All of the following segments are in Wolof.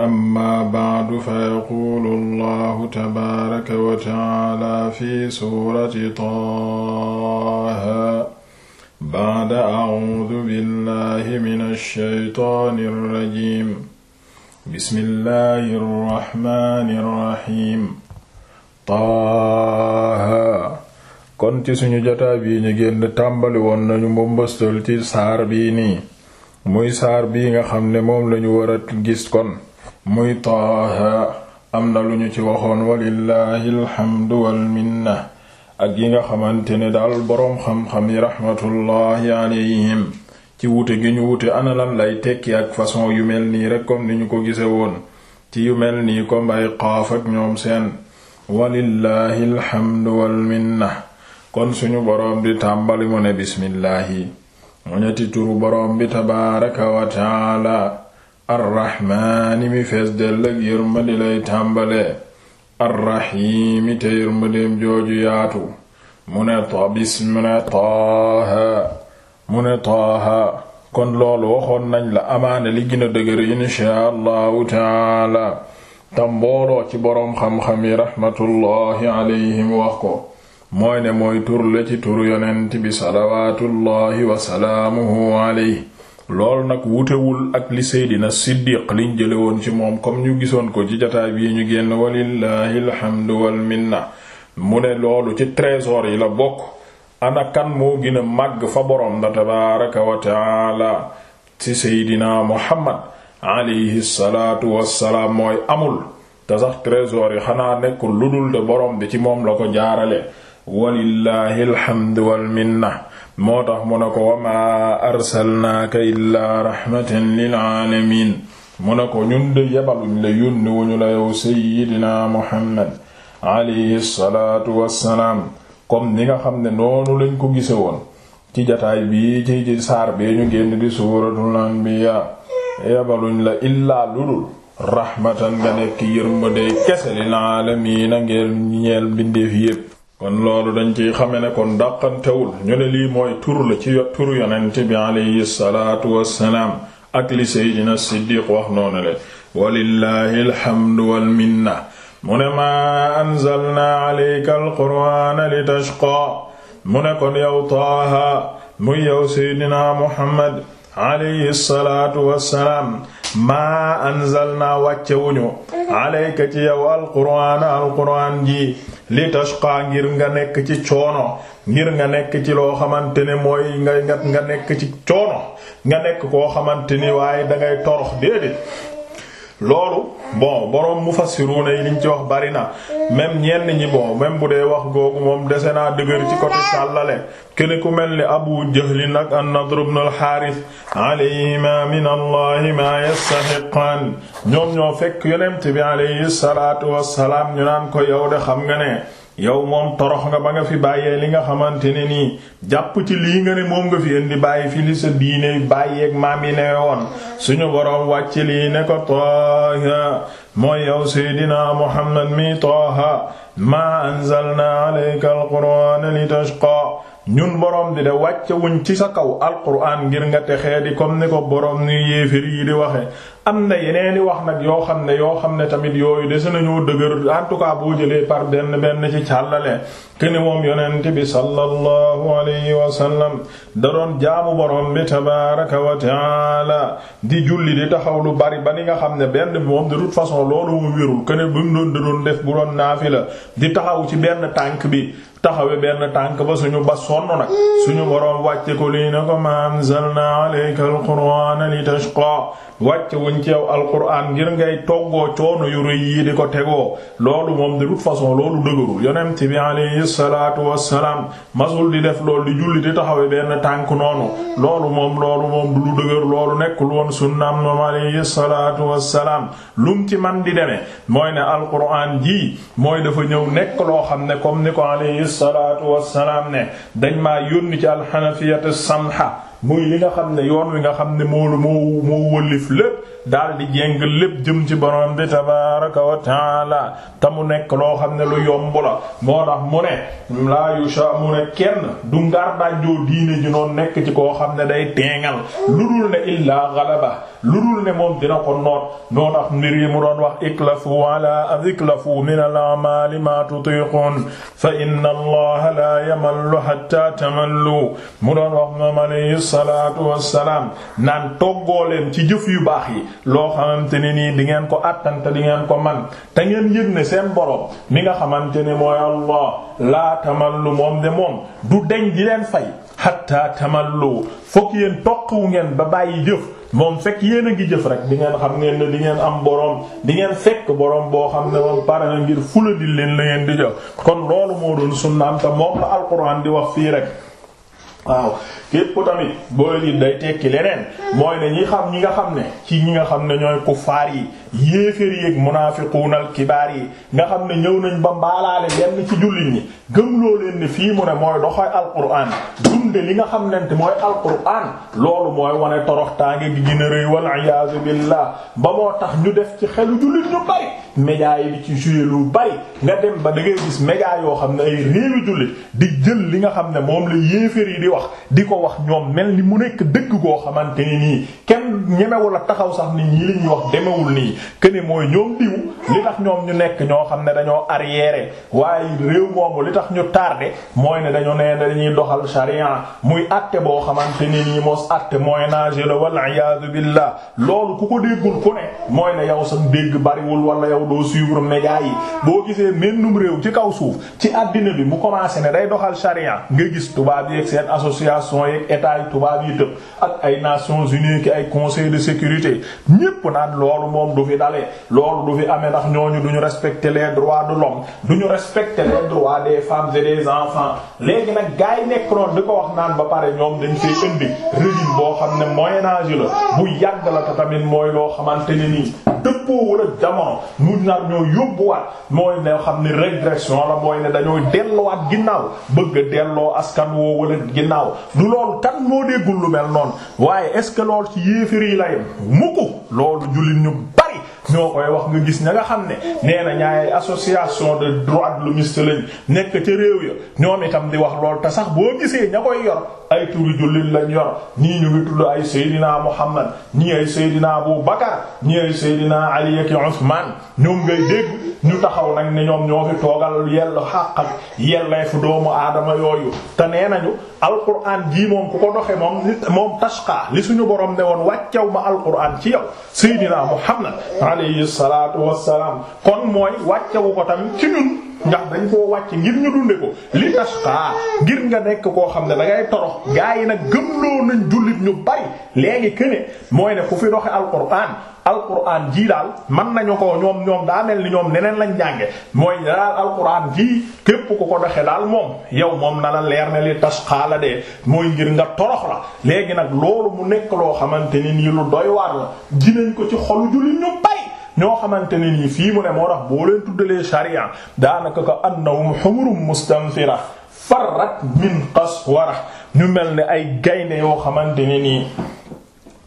amma bacdu fa yaquulu allahu tabaaraka wa tacaala fi suurati taaha bacda acuudu billahi mina shaytaani rajiim bismillahi rrahmaani rrahiim taaha kon ci suñu jotaay bii ñu génn tàmbali woon nañu mbambastal ci saar bii nii muy saar bii nga xam ne moom lañu war a gis kon muy taaha am na lu ñu ci waxoon walillahi alhamdu walminna ak yi nga xamante ne daal boroom xam-xam yi raxmatullahi alayhim ci wuute gi ñu wuute ana lan tekki ak façon yu mel nii rek comme ni ñu ko gise woon ci yu mel nii comme ay qaaf ñoom seen walillahi alhamdu walminna kon suñu boroom di tàmbali mu ne bismillaahi turu boroom bi tabaaraka wa taala arraxmaani mi fees dell ak yërmande lay tàmbalee arraxiimi te yërmandeem jooju yaatu mu ne tabis taaha mu waxoon nañ la amaana li gën a dëgër inshaa allahu taala te ci borom xam-xam yi raxmatullaahi alayhim wax ko mooy ne mooy bi salawaatullaahi wa salaamuhu loolu nag wutewul ak li seydina siddiq liñ jële woon ci moom comme ñu gisoon ko ci jataay bii ñu génn walillahi alhamdu wal minna mu ne loolu ci trésor yi la bokk ana kan moo gën a màgg fa boroom da tabaaraka wa taala ci seydina muhammad alayhi salaatu wassalaam mooy amul te sax trésor yi xanaa nekkul lu dul de boroom bi ci moom la ko jaarale walillahi alhamdu wal moo tax mu ne ko wa maa arsalnaaka illaa rahmatan lil aalamiin mu ne ko ñun de yebaluñ la yónni wuñu la yow seyyidina muhammad alayhi salaatu wassalaam comme ni nga xam ne noonu lañ ko gise woon ci jataay bii ci saar bee ñu génn di suuratul anbiya yebaluñ la illaa ludul rahmatan nga nekk yërmande kese lil aalamiin a ngeel ñeel mbindeef yépp kon loolu dañ ciy xame ne kon dàqantewul ñu ne lii mooy tur la ci turu yonent aleyhi salaatu wassalaam ak li seydina siddiq wax noonu le walillahi alhamdu walminna mu maa anzalna aleyka alqur'aana litashqaa mu ne kon yow taaha muy yow seydina muhammad aleyhi salaatu wassalaam maa anzalnaa wàcce wuñu alayka ci yow alquraana alquraan ji li tashqaa ngir nga nekk ci coono ngir nga nekk ci loo xamante ne mooy nga nga nekk ci coono nga nekk koo xamante ni waaye dangay torox déedéet loolu bon borom mufassiruna yi liñ ci wax bari na même ñenn ñi bon même bu dee wax googu moom dese naa dëgër ci côté sàllale kene ku mel ni Abu Jahl ak an-Nadr ibn al-Harith alayhima min allahi ma yastahiqan ñoom ñoo fekk yonent bi alayhi wassalaam ñu naan ko yow de xam nga ne yow moom torox nga ba nga fi bàyyee li nga xamante ne nii jàpp ci lii nga ne moom nga fi indi bàyyi fi li sa diine bàyyeeg maam yi ne woon suñu boroom wàcc lii ne ko taaha mooy yow seydina muhammad mi taaha maa anzalna alayka alqur'ana litashqa ñun borom bi de wàcce wuñ ci sa kaw alqur'an ngir nga texee di comme ni ko borom ni yéefir yi di waxe am na yeneeni wax nag yoo xam ne yoo xam ne tamit yooyu dese nañoo dëgër en tout cas boo jëlee par benn benn ci càllale kene moom yonent bi sallallahu alayhi wa sallam da doon jaamu borom bi tabaraka wa taala di julli di taxaw lu bari ba ni nga xam ne benn bi moom de toute façon loolu mu wérul kene bu mu doon da doon def bu doon naafila di taxaw ci benn tànk bi taxawe benn tànk ba suñu ba sonn nag suñu borom wàcce ko lii ko ma anzalna alayka alqur'ana litashqa nañ ci yow alquran ngir ngay toggoo coono yu rëy yi di ko tegoo loolu moom de toute façon loolu dëgërul yonent bi alayhi salaatu wassalaam masul di def lool di julli di taxawee benn tànk noonu loolu moom loolu moom du lu dëgër loolu nekkul woon sunnaam moom alayhi salaatu wassalaam lum ci man di demee mooy ne alquran ji mooy dafa ñëw nekk loo xam ne comme ni ko alayhi salaatu wassalaam ne dañ maa yónni ci alxanafiyatu samha muy li nga xam ne yoon wi nga xam ne moo moo moo wëlif lépp daal di jéng lépp jëm ci borom bi tabaraka wa taala te mu nekk loo xam ne lu yomb la moo tax mu ne laa yu sa ne kenn du ngaar daajjoo diine ji noonu nekk ci koo xam ne day teengal lu dul ne illaa galaba lu dul ne moom dina ko noot noo tax mbir yi mu doon wax iklafu ala iklafu min al a'mali ma tutiqun fa inna allaha la yamallu hatta tamallu mu doon wax salaatu wassalaam naan toggoo leen ci jëf yu baax yi loo xamante ne nii di ngeen ko attan te di ngeen ko man te ngeen yëg ne seen borom mi nga xamante ne mooy Allah laa lu moom de moom du deñ di leen fay hatta tamallu fokk yéen wu ngeen ba bàyyi jëf moom fekk yéen gi jëf rek di ngeen xam ngeen ne di ngeen am boroom di ngeen fekk boroom boo xam ne moom pare na ngir fula di leen la ngeen di jëf kon loolu moo doon sunnaam moom la alquran di wax fii rek waaw képp tamit booy lii day tekki leneen mooy ne ñi xam ñi nga xam ne ci ñi nga xam ne ñooy kuffaar yi yéeféer yéeg munaafiquunal kibaar yi nga xam ne ñëw nañ ba mbaalaale benn ci jullit ñi gëmloo leen ne fii mu ne mooy doxoy alquran dunde li nga xam nente mooy alquran loolu mooy wane toroxtaange gi gën a rëy wal iyaazu billah ba moo tax ñu def ci xelu jullit ñu bari média yi di ci jouer lu bari nga dem ba da ngay gis média yoo xam ne ay réewi jullit di jël li nga xam ne moom la yéefér yi di wax di ko wax ñoom mel ni mu nekk dëgg koo xamante ni nii ñemewul a taxaw sax ni ñii li wax demewul nii këne mooy ñoom diw li tax ñoom ñu nekk ñoo xam ne dañoo arriéré waaye réew moomu li tax ñu tardé mooy ne dañu ne dañuy doxal sharia muy àtte boo xamante ni nii mos àtte moyen âge la walla iyaadu billah ko déggul ku ne mooy ne yow wala yow doo suivre médias yi boo gisee mennum réew ci kaw suuf ci àddina bi mu commencé ne day doxal sharia nga gis tubaab yi ak seen association yi ak état yi tubaab yi tëb ak ay Nations unies ki ay conseil conseil de sécurité ñépp loolu moom du fi dalee loolu du fi amee ndax ñooñu du ñu respecter les droits de l'homme du ñu respecter les droits des des enfants léegi nag gars yi nekk noonu di ko wax naan ba pare ñoom dañ fay indi régime boo xam ne moyen âge la bu yàgg la te mooy loo xamante ne nii dëppoowul ak jamono mu nar ñoo yóbbu yóbbuwaat mooy ne xam ne régression la mooy ne dañooy delluwaat ginnaaw bëgg a delloo askan woo wala ginnaaw du loolu kan moo déggul lu mel noonu waaye est ce que loolu ci yéeféri lay mukk loolu jullit ñu bari ñoo koy wax nga gis ña nga xam ne nee na ñaay association de droit de l'hommiste lañ nekk ca réew ya ñoom itam di wax loolu te sax boo gisee ña koy yor ay turu jullit lañ yor ñii ñu ngi tudd ay Seydina Muhammad ñii ay Seydina Abu Bakar ñii ay Seydina Ali ak ñoom ngay dégg ñu taxaw nag ne ñoom ñoo fi toogal yellu xàq ak yelleefu doomu aadama yooyu te nee nañu alquran jii moom ku ko doxe moom moom tashqa li suñu borom ne woon wàccew ma alquran ci yow Seydina Muhammad alayhi salaatu wassalaam kon mooy wàccewu ko tamit ci ñun ndax dañ koo wàcc ngir ñu dunde ko li tashqa ngir nga nekk koo xam ne dangay ngay torox gaa yi nag gëmloo nañ jullit ñu bari léegi këne mooy ne fu fi doxe alquran alquran jii daal man nañu ko ñoom ñoom daa mel ni ñoom neneen lañ jànge mooy daal alquran jii képp ku ko doxe daal moom yow moom na la leer ne li tashqa la de mooy ngir nga torox la léegi nag loolu mu nekk loo xamante ni nii lu doy waar la dinañ ko ci xolu jullit ñu bari ñoo xamante ne nii fii mu ne moo tax boo leen tuddalee sharia daanaka ko annahum humurun mustanfira farrat min qaswara ñu mel ne ay gaynde yoo xamante ne nii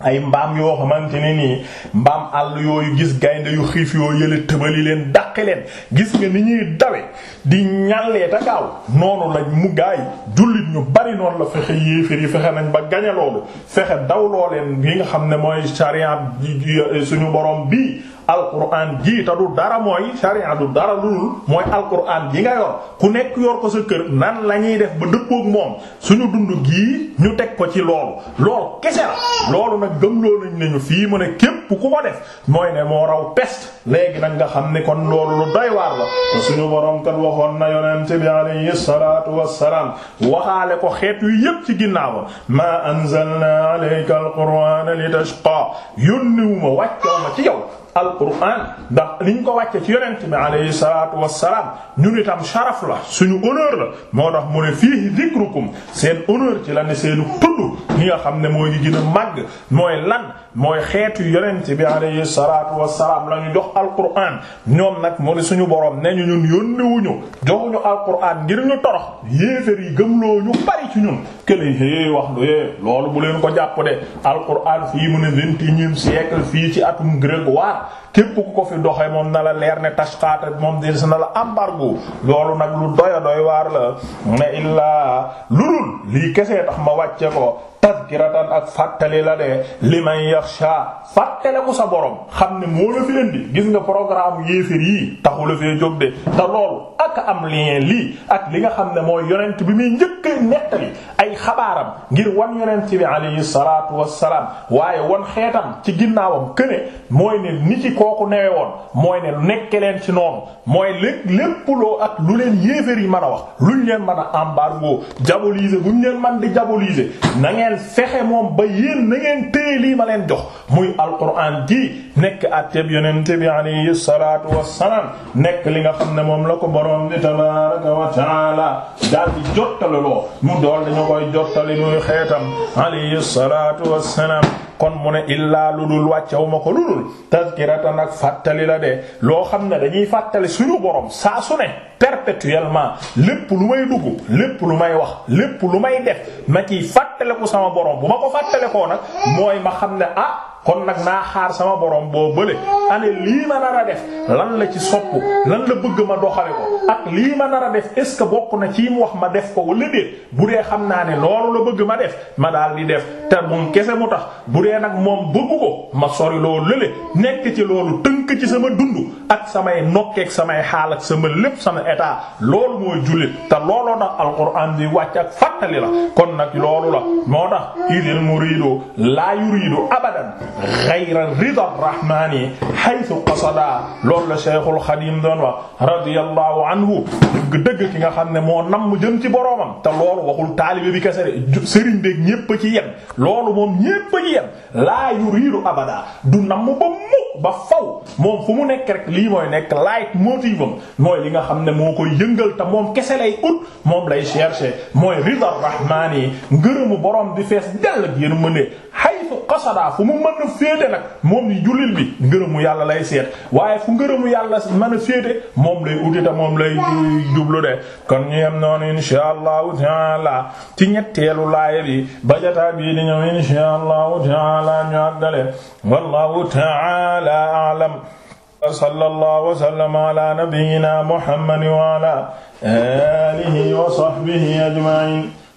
ay mbaam yoo xamante ne nii mbaam àll yooyu gis gaynde yu xiif yoo yële yi leen daqi leen gis nga ni ñuy dawe di ñàllee ta gaaw noonu lañ mu gaay jullit ñu bari noonu la fexe yéefér yi fexe nañ ba gañe loolu fexe daw loo yi nga xam ne mooy sharia suñu borom bii alquran ji te du dara mooy sharia du dara lulul mooy alquran ji nga yor ku nekk yor ko sa kër nan la ñuy def ba dëppook moom suñu dund gii ñu teg ko ci loolu loolu kese la loolu nag gëmloo nañ nañu fii mu ne képp ku ko def mooy ne moo raw peste léegi nag nga xam ni kon loolu lu doy waar la te suñu borom kat waxoon na yonent bi alayhi salaatu wassalaam waxaale ko xeet yu yépp ci ginnaaw ma anzalna alayka alqur'ana litashqa yónniwuma wàccoo ma ci yow alquran ndax liñ ko wàcce ci yonent bi alayhi salaatu wassalaam ñun itam sharaf la suñu honneur la moo tax mu ne fii dikrukum seen honneur ci la ne seenu tudd li nga xam ne mooy gi gën a màgg mooy lan mooy xeetu yonent bi alayhi salaatu wassalaam la ñu jox alquran ñoom nag moo ne suñu borom ne ñu ñun yónnewuñu joxuñu alquran ngir ñu torox yéefér yi gëmloo ñu bari ci ñun kële wax loolu bu leen ko jàpp de alquran fii mu ne vingt et unième siècle fii ci atum grégoire képp ku ko fi doxee moom na la leer ne tashqaata moom di na la embargo loolu nag lu doy a doy waar la ne illaa lulul lii kese tax ma wàcce ko tazkiratan ak fàttali la de liman yaxsha fàttale ku sa borom xam ne moo la fi indi gis nga programme yéefér yii taxu la fee jóg de te loolu ak am lien lii ak li nga xam ne mooy yonent bi muy njëkk nettali ay xabaaram ngir wan yonent bi alayhi salaatu wassalaam waaye wan xeetam ci ginnaawam këne mooy ne ni ci kooku newe woon mooy ne nekke leen ci noonu mooy lépp lépp loo ak lu leen yéeféer yi mën a wax luñ leen mën a embargo diaboliser buñ leen man di diaboliser na ngeen fexe moom ba yéen na ngeen téye lii ma leen jox muy alquran ji nekk àtteeb yonent bi alayhi nekk li nga xam ne moom la ko borom borom bi tabaaraka wa taala daal di jottali loo mu dool dañu koy jottali muy xeetam alayhi salaatu wassalaam kon mu ne illaa lu dul wàccewu ma ko lu dul tazkiratan ak fàttali la de loo xam ne dañuy fàttali suñu borom saa su ne perpétuellement lépp lu may dugg lépp lu may wax lépp lu may def ma ciy fàttaliku sama borom bu ma ko fàttalikoo nag mooy ma xam ne ah kon nag naa xaar sama borom boo bële ane lii ma nar a def lan la ci sopp lan la bëgg ma doxale ko ak lii ma nar a def est ce que bokk na ci mu wax ma def ko wala déet bu dee xam naa ni loolu la bëgg ma def ma daal di def te moom kese mu tax bu dee nag moom bëgg ko ma soriloo loolu lële nekk ci loolu tënk ci sama dund ak samay nokkeek samay xaal sama lépp sama état loolu mooy jullit te looloon tax alquran di wàcc ak fàttali la kon nag loolu la moo tax idil muriidu laa yuriidu abadan ghayra rida haythu qasada loolu la Cheikhul Xadim doon wax radiyallahu anhu dëgg-dëgg ki nga xam ne moo nam jëm ci boroomam te loolu waxul taalibe bi kese de sëriñ beek ñépp ci yem loolu moom ñépp a ci yem laa yuriidu abada du nam ba mukk ba faw moom fu mu nekk rek lii mooy nekk laayit motive am mooy li nga xam ne moo koy yëngal te moom kese lay ut moom lay chercher mooy ridar rahmaani ngërëmu boroom di fees dell ak yéen a qasadaa fu mu mën a féete nag moom i jullit bi ngërëmu yàlla la seet waaye fu ngërëmu yàlla mën a féete moom lay uti te moom lay jublu de kon ñu noon noonu insha allahu taala ci ñetteelu laaya bi bajataa bii di ñëw insha allahu taala ñu àggale wallahu taala a'lam وصلى الله وسلم على نبينا محمد وعلى آله وصحبه أجمعين